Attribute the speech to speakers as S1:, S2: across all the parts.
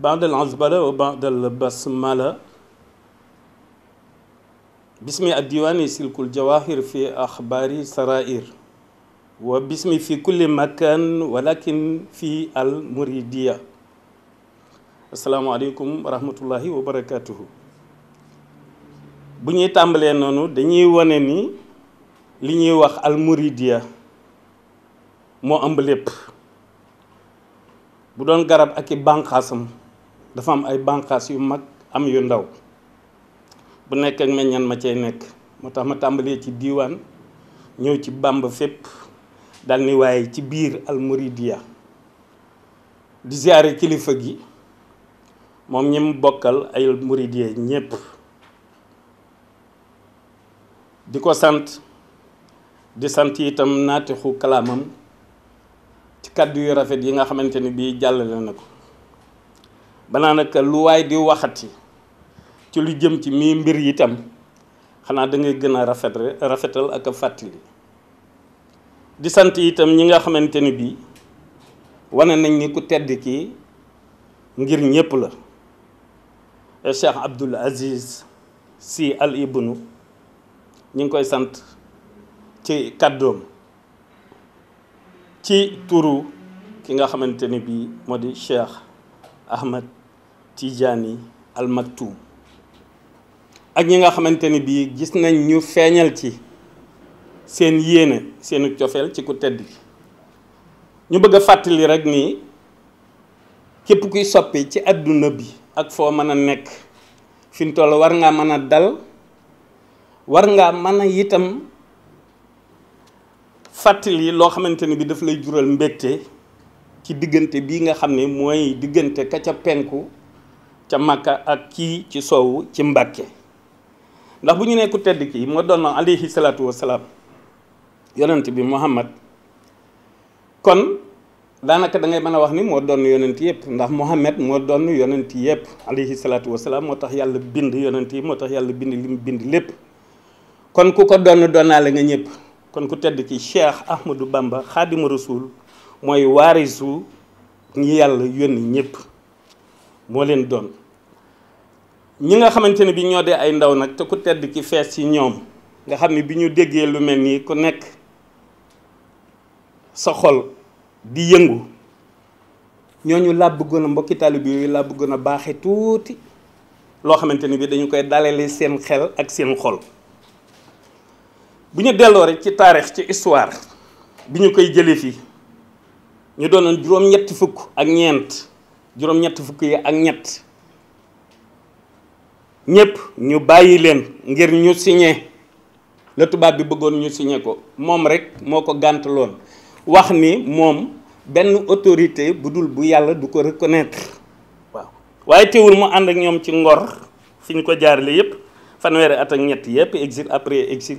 S1: بعد العزبلة وبعد البسملة باسم الديوان سلك الجواهر في أخبار سرائر وباسمي في كل مكان ولكن في المريدية السلام عليكم ورحمة الله وبركاته bu ñuy tàmbalee noonu dañuy wane ni li ñuy wax almuridiya moo ëmb lépp bu doon garab ak i bànqaasam dafa am ay bànqaas yu mag am yu ndaw bu nekk ak meññan ma cay nekk moo tax ma tàmbalee ci diiwaan ñëw ci bàmb fépp dal ni waaye ci biir almuridiya di ziare kilifa gi moom ñi mu bokkal ay almuridiya ñépp di ko sant di sant itam naatixu kalaamam ci kàddu yu rafet yi nga xamante ni bii jàllale na ko banaa nag lu waay di waxati ci lu jëm ci mii mbir yi tam xanaa dangay gën a rafet rafetal ak a fàttali di sant itam ñi nga xamante ni bii wane nañ ni ku tedd kii ngir ñépp la eh, Cheikh Abdoul Aziz Sy Al Ibnu ñu ngi koy sant ci kàddoom ci turu ki nga xamanteni bi modi cheikh ahmad Tijani al maktoum ak ñi nga xamanteni bi gis nañ ñu feñal ci seen yene seenu ciofel ci ku tedd ñu bëgg fatali rek ni kep kuy soppi ci aduna bi ak fo mëna nek fiñ fi war nga mëna dal war nga mëna fàttali loo xamante ni bi daf lay jural mbégte ci diggante bii nga xam ne mooy diggante ka ca penku ca Makka ak kii ci soowu ci Mbàkke ndax bu ñu nekku tedd kii moo doon alayhi salaatu wasalaam yonent bi Muhammad kon daanaka da ngay mën a wax ni moo doon yonent yëpp ndax Muhammad moo doon yonent yëpp alayhi salaatu wasalaam moo tax yàlla bind yonent yi moo tax yàlla bind li bind lépp kon ku ko doon doonaale nga ñëpp kon ku tedd ki Cheikh Ahmadou Bamba xaadima rasul mooy waarisu ñi yàlla yónni ñëpp moo leen doon ñi nga xamante ne bi ñoo dee ay ndaw nag te ku tedd ki fees ci ñoom nga xam ni bi ñu déggee lu mel nii ku nekk sa xol di yëngu ñoo ñooñu laa gën a mbokki taalib yooyu laa gën a baaxe tuuti loo xamante ni bi dañu koy dalale seen xel ak seen xol buñu delore rek ci tarikh ci histoire biñu koy jëlé fi ñu doonoon juroom ñett fukk ak ñent juroom ñett fukk yi ak ñett ñepp ñu bayyi leen ngir ñu signé le bugon bi bëggoon ñu signé ko mom rek moko ko gàntaloon wax ni mom benn autorité budul bu yalla du ko reconnaître waaw waye téwul mu and ak ñom ci ngor fiñ ko ko jaarale yépp fanwéré at ak ñett yépp exil après exil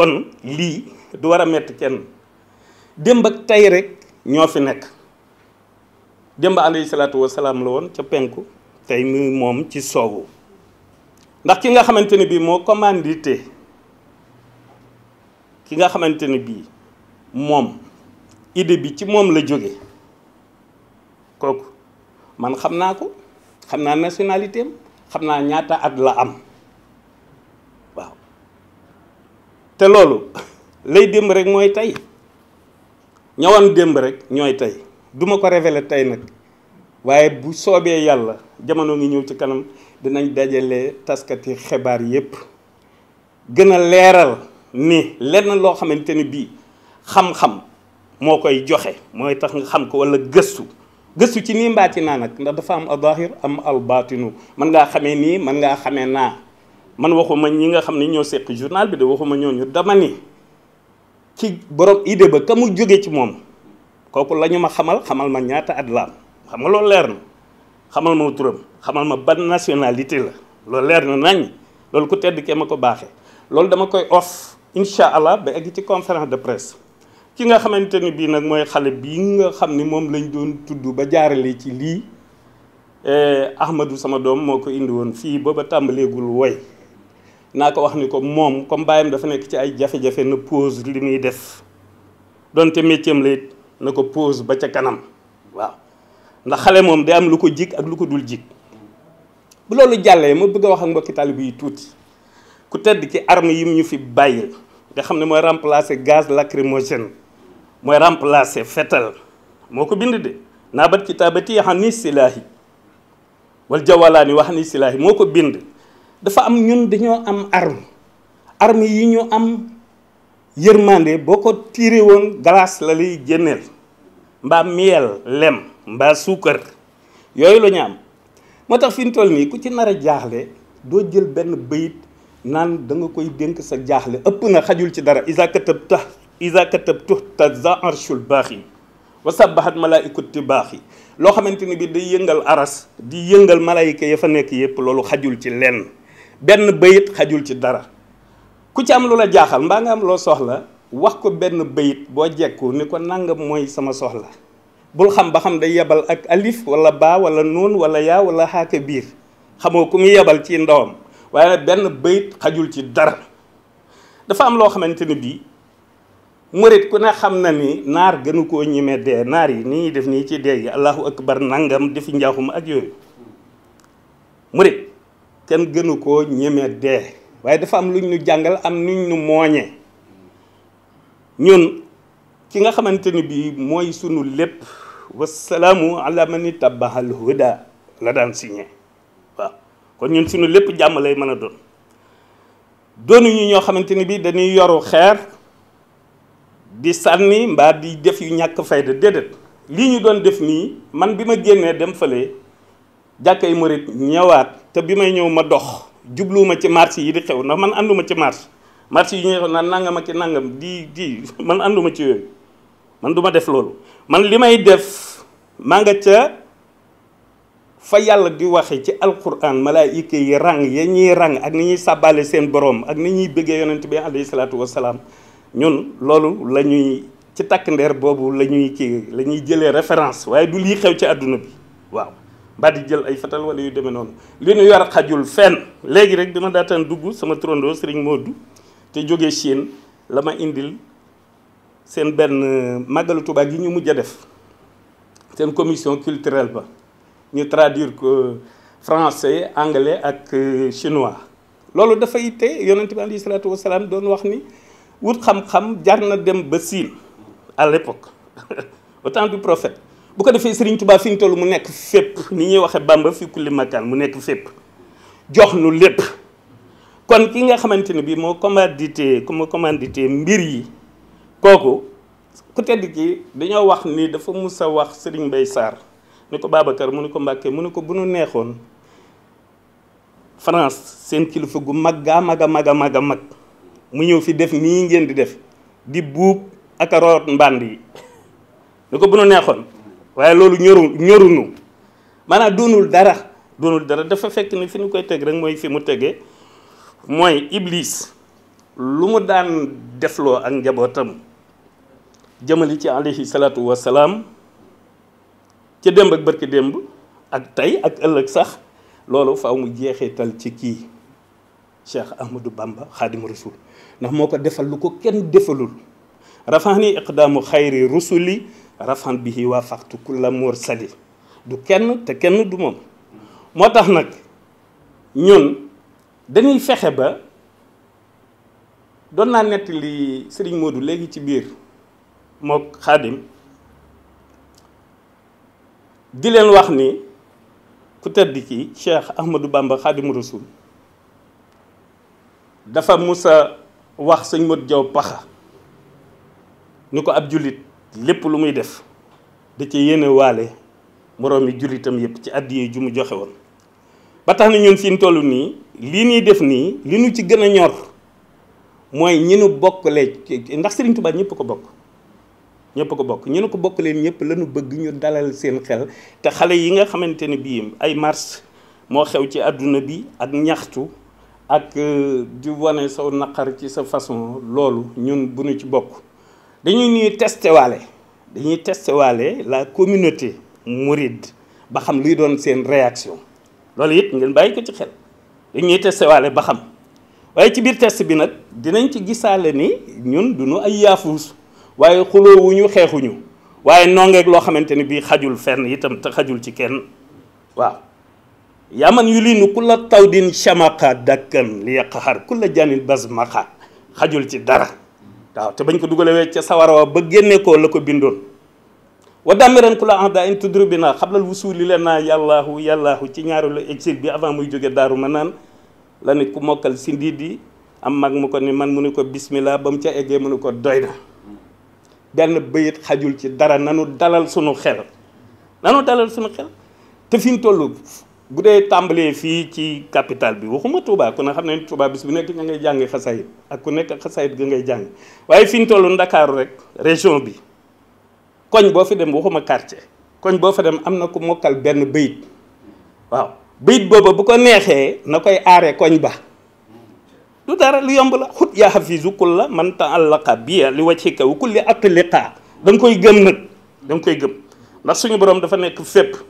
S1: kon li du wara metti kenn demb ak tay rek ño fi nek demb alayhi salatu wassalam la won ci penku tay mi mom ci sogu ndax ki nga xamanteni bi mo commandité ki nga xamanteni bi mom moom bi ci mom la joggé kooku man xamna ko xamna nationalité xamna ñaata at la am te loolu lay démb rek mooy tey ñawoon démb rek ñooy tey duma ko révéler tey nag waaye bu soobee yàlla jamono ngi ñëw ci kanam dinañ dajale taskati xibaar yépp gën a leeral ni lenn loo xamante ni bii xam-xam moo koy joxe mooy tax nga xam ko wala gëstu gëstu ci nii mbaati naa nag ndax dafa am al am al baatinu mën ngaa xamee nii mën ngaa xamee naa man waxuma ñi nga xamni ñoo seq journal bi de waxuma ñu dama ni ci borom idée ba kamu mu ci mom koku lañu ma xamal xamal ma ñaata at la xam nga lo leer na xamal ma turam xamal ma ban nationalité la lo leer na nañ lool ku tedd mako ko lool dama koy off incha allah ba egg ci conférence de presse ki nga xamanteni bi nak moy xalé bi nga xamni mom lañ doon tuddu ba jaarale ci eh ahmadou sama dom moko ko indi woon fii booba tambalegul way naa ko wax ni ko moom comme bàyyam dafa nekk ci ay jafe-jafe na pause li muy def donte métier am la it na ko pause ba ca kanam waaw ndax xale moom day am lu ko jig ak lu ko dul jig bu loolu jàllee moo bëgg a wax ak mbokki taalibe yi tuuti ku tedd ci arme yi ñu fi bàyyi nga xam ne mooy remplacer gaz lacrymogène mooy remplacer fetal moo ko bind de naabat kitaabati xam ni silaahi wal jawalaani wax ni silaahi moo ko bind dafa am ñun dañoo am arm arme yi ñu am yërmande boo ko tiire woon glace la lay génneel mbaa miel lem mbaa suukar yooyu la am moo tax fi ñu toll nii ku ci nar a jaaxle doo jël benn bayit naan danga koy dénk sa jaaxle ëpp na xajul ci dara isa katab ta isa katab tuxta za arshul baax yi wa sabahat malaikatu baax yi loo xamante ni bi day yëngal aras di yëngal malayka ya fa nekk yëpp loolu xajul ci lenn benn bayit xajul ci dara ku ci am lu la jaaxal mbaa nga am loo soxla wax ko benn bayit boo jekku ni ko nangam mooy sama soxla bul xam ba xam day yebal ak alif wala baa wala noon wala yaa wala xaaka biir xamoo ku muy yebal ci ndawam waaye benn bayit xajul ci dara dafa am loo xamante ni bii murit ku ne xam na ni naar gënu koo ñime dee naar yi ni ñuy def nii ci dee yi allahu akbar nangam defi njaaxum ak yooyu murit kenn gënu koo ñeme dee waaye dafa am luñ ñu jàngal am nuñ ñu mooñee ñun ki nga xamante ni bii mooy sunu lépp wasalaamu ala mani tabahal huda la daan signé waaw kon ñun sunu lépp jàmm lay mën a doon doonuñu ñoo xamante ni bii dañuy yoru xeer di sànni mbaa di def yu ñàkk fayda déedéet lii ñu doon def nii man bi ma génnee dem fële jàkkay murit ñewat te bima ñew ma dox jubluuma ci marché yi di xew ndax man ànduma ci marché marché yi ñew na nangam nangam di di man ànduma ci yoy man duma def lolu man limay def ma nga ca fa yalla di waxe ci alquran malaayika yi rang ya ñi rang ak ni ñi sàbbaale seen borom ak ni ñi bëggee yonent bi alayhi salatu wassalam ñun lolu la ci tak ndeer bobu la ñuy lañuy la référence waye du li xew ci aduna bi waaw ba di jël ay fatal wala yu démé non li ñu yar xajul fenn légui rek dama daatan dugg sama trondoo Serigne Modou té joggé chien lama indil sen Ben, euh, màggalu tuba gi ñu mujj def sen commission culturelle ba ñu traduire ko euh, français anglais ak euh, chinois loolu dafay te yonent bi alayhi salaatu wasalaam doon wax ni wut xam-xam jar na dem ba siin à l'époque autant du prophète bu ko defee Serigne Touba fi ñu toll mu nekk fépp ni ñuy waxee Bamba fi kulli makaan mu nekk fépp jox nu lépp kon ki nga xamante ne bii moo commandité moo commandité mbir yi kooku ku tedd ki dañoo wax ni dafa musa wax sëriñ Mbaye Sarr ni ko Babacar mu ne ko Mbàkke mu ne ko bu neexoon France seen kilifa gu mag gaa a mag a mag a mag mu ñëw fi def nii ngeen di def di buub ak mbànd yi ni ko bu nu neexoon. waaye loolu ñoru ñorunu maanaam doonul dara doonul dara dafa fekk ni fi ñu koy teg rek mooy fi mu tege mooy iblis lu mu daan defloo ak njabootam jëmali ci alayhi salaatu wasalaam ci démb ak barki démb ak tey ak ëllëg sax loolu faw mu tal ci kii Cheikh Ahmadou Bamba xaadimu rasul ndax moo ko defal lu ko kenn defalul rafaani iqdaamu xayri rusuli rafan bihi wa faqtu kulla mursali du kenn te kenn du mom motax nak nag ñun dañuy fexé ba doon na nett li serigne Modou legi ci bir mok khadim di len wax ni ku tedd ki Cheikh Ahmadou Bamba khadim rasul dafa musa wax serigne Modou Diaw paxa niko lépp lu muy def da ca yéene waale moroom yi jullitam yëpp ci àddiyee ju mu joxewoon woon ba tax na ñun fi ñu toll nii lii ñuy def nii li ñu ci gën a ñor mooy ñu nu bokkale ndax Serigne Touba ñëpp ko bokk ñëpp ko bokk ñu ne ko bokk leen ñëpp lañu bëgg ñu dalal seen xel te xale yi nga xamante ne bii ay mars moo xew ci àdduna bi ak ñaxtu ak euh, di wane saw naqar ci sa façon loolu ñun bu ñu ci bokk dañuy ñuy testé waale dañuy testé la communauté mouride ba xam luy doon seen réaction loolu it ngeen bàyyi ko ci xel dañuy testé waale ba xam waaye ci biir test bi nag dinañ ci gisaale ni ñun duñu ay yaafuus waaye xuloowuñu xeexuñu waaye nongeeg loo xamante ni bii xajul fenn itam te xajul ci kenn waaw yaa yaman yu liinu ku la taw din chamaka dakkan li yàq xar ku la janil bas maxa xajul ci dara waaw te bañ ko dugalewee ca sawara wa ba génne koo la ko bindoon wa damiran ku la ahda in tudru bi naa xablal wusuuli leen naa yàllaahu yàllaahu ci ñaareelu exil bi avant muy jóge daaru ma naan la nit ku mokkal si ndiit yi am mag mu ko ni man mu ne ko bismillah ba mu ca eggee mu ne ko doy na benn bëyit xajul ci dara nanu dalal sunu xel nanu dalal sunu xel te fi mu toll bu dee tàmbalee fii ci capital bi waxuma Touba ku ne xam ne Touba bis bu nekk nga ngay jàng xasayit ak ku nekk xasayit ga ngay jàng waaye fi ñu toll Ndakaaru rek région bi koñ boo fi dem waxuma quartier koñ boo fa dem am na ku mokkal benn bayit waaw bayit booba bu ko neexee na koy aare koñ ba lu dara lu yomb la xut yaa hafizu kulla man ta'allaqa biya li wajhika wa kulli atliqa da nga koy gëm nag da koy gëm ndax suñu borom dafa nekk fépp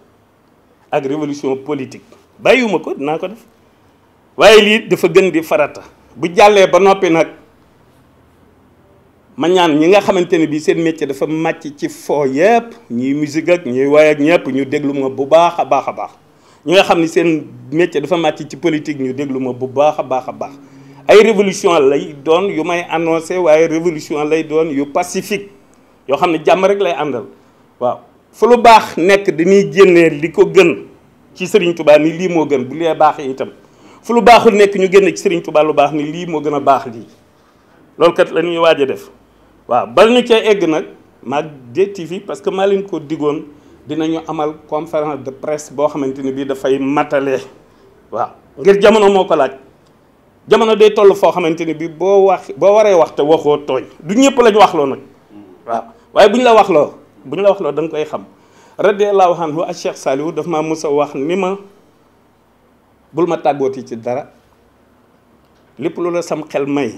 S1: ak révolution politique bàyyiwuma ko dinaa ko def waaye lii dafa gën di farata bu jàllee ba noppi nag mañaan ñi nga xamante ne bii seen métier dafa màcc ci foo yëpp ñuy musique ak ñuy way ak ñu déglu ma bu baax a baax a baax ñi nga xam ni seen métier dafa màcc ci politique ñu déglu ma bu baax a baax a baax ay révolution lay doon yu may annoncé waaye révolution lay doon yu pacifique yoo xam ne jàmm rek lay àndal waaw fu lu baax nekk dañuy génnee li ko gën ci Serigne Touba ni lii moo gën bu lee baaxee itam fu lu baaxul nekk ñu génne ci Serigne Touba lu baax ni lii moo gën a baax lii loolu kat la ñuy def waaw ba ñu cee egg nag maag DTV parce que maa leen ko diggoon dinañu amal conférence de presse boo xamante ni bii dafay matale waaw ngir jamono moo ko laaj jamono day toll foo xamante ni bii boo wax boo waree wax te waxoo tooñ du ñëpp lañu wax loo nag waaw waaye bu ñu la bu ñu la wax loolu danga koy xam radiallahu anhu ak Cheikh Saliou daf maa mës a wax ni ma bul ma tàggooti ci dara lépp lu sam xel may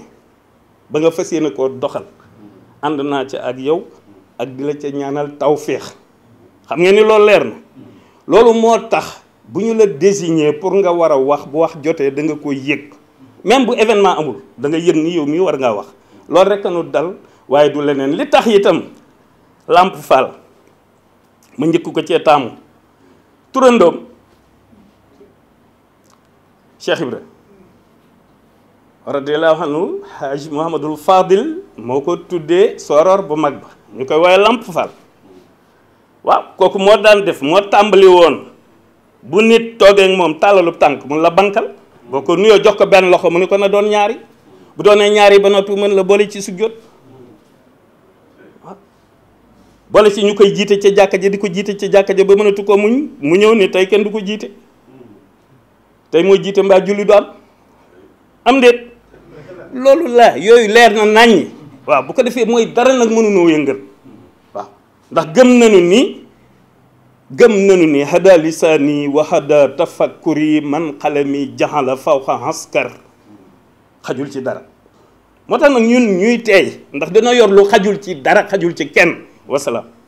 S1: ba nga fas yéene koo doxal ànd naa ci ak yow ak di la ca ñaanal tawféex xam ngeen ni loolu leer na loolu moo tax bu ñu la désigné pour nga war a wax bu wax jotee da nga koy yëg même bu événement amul da nga yëg ni yow mii war ngaa wax loolu rek nu dal waaye du leneen li tax itam Lamp Fall ma njëkk ko cee taamu turandoom Cheikh Ibra radiyallahu anhu Haaj Muhammadul Fadil moo ko tuddee soror bu mag ba ñu koy wooye Lamp Fall waaw kooku moo daan def moo tàmbali woon bu nit toogee ak moom tàllalub tànk mun la bankal boo ko nuyoo jox ko benn loxo mu ne ko na doon ñaari bu doonee ñaari ba noppi mën la boole ci sujjóot boole si ñu koy jiite ca jàkka ja di ko jiite ca jàkka ja ba mënatu a ko muñ mu ñëw nii tey kenn du ko jiite tey mooy jiite mbaa julli du am am déet loolu la yooyu leer na naññi waaw bu ko defee mooy dara nag mënunoo yëngal waaw ndax gëm nañu ni gëm nañu ni hada lisaani wa hada tafakkuri man xalami jaxala fawxa haskar xajul ci dara moo tax nag ñun ñuy teey ndax dana yor lu xajul ci dara xajul ci kenn wasalaam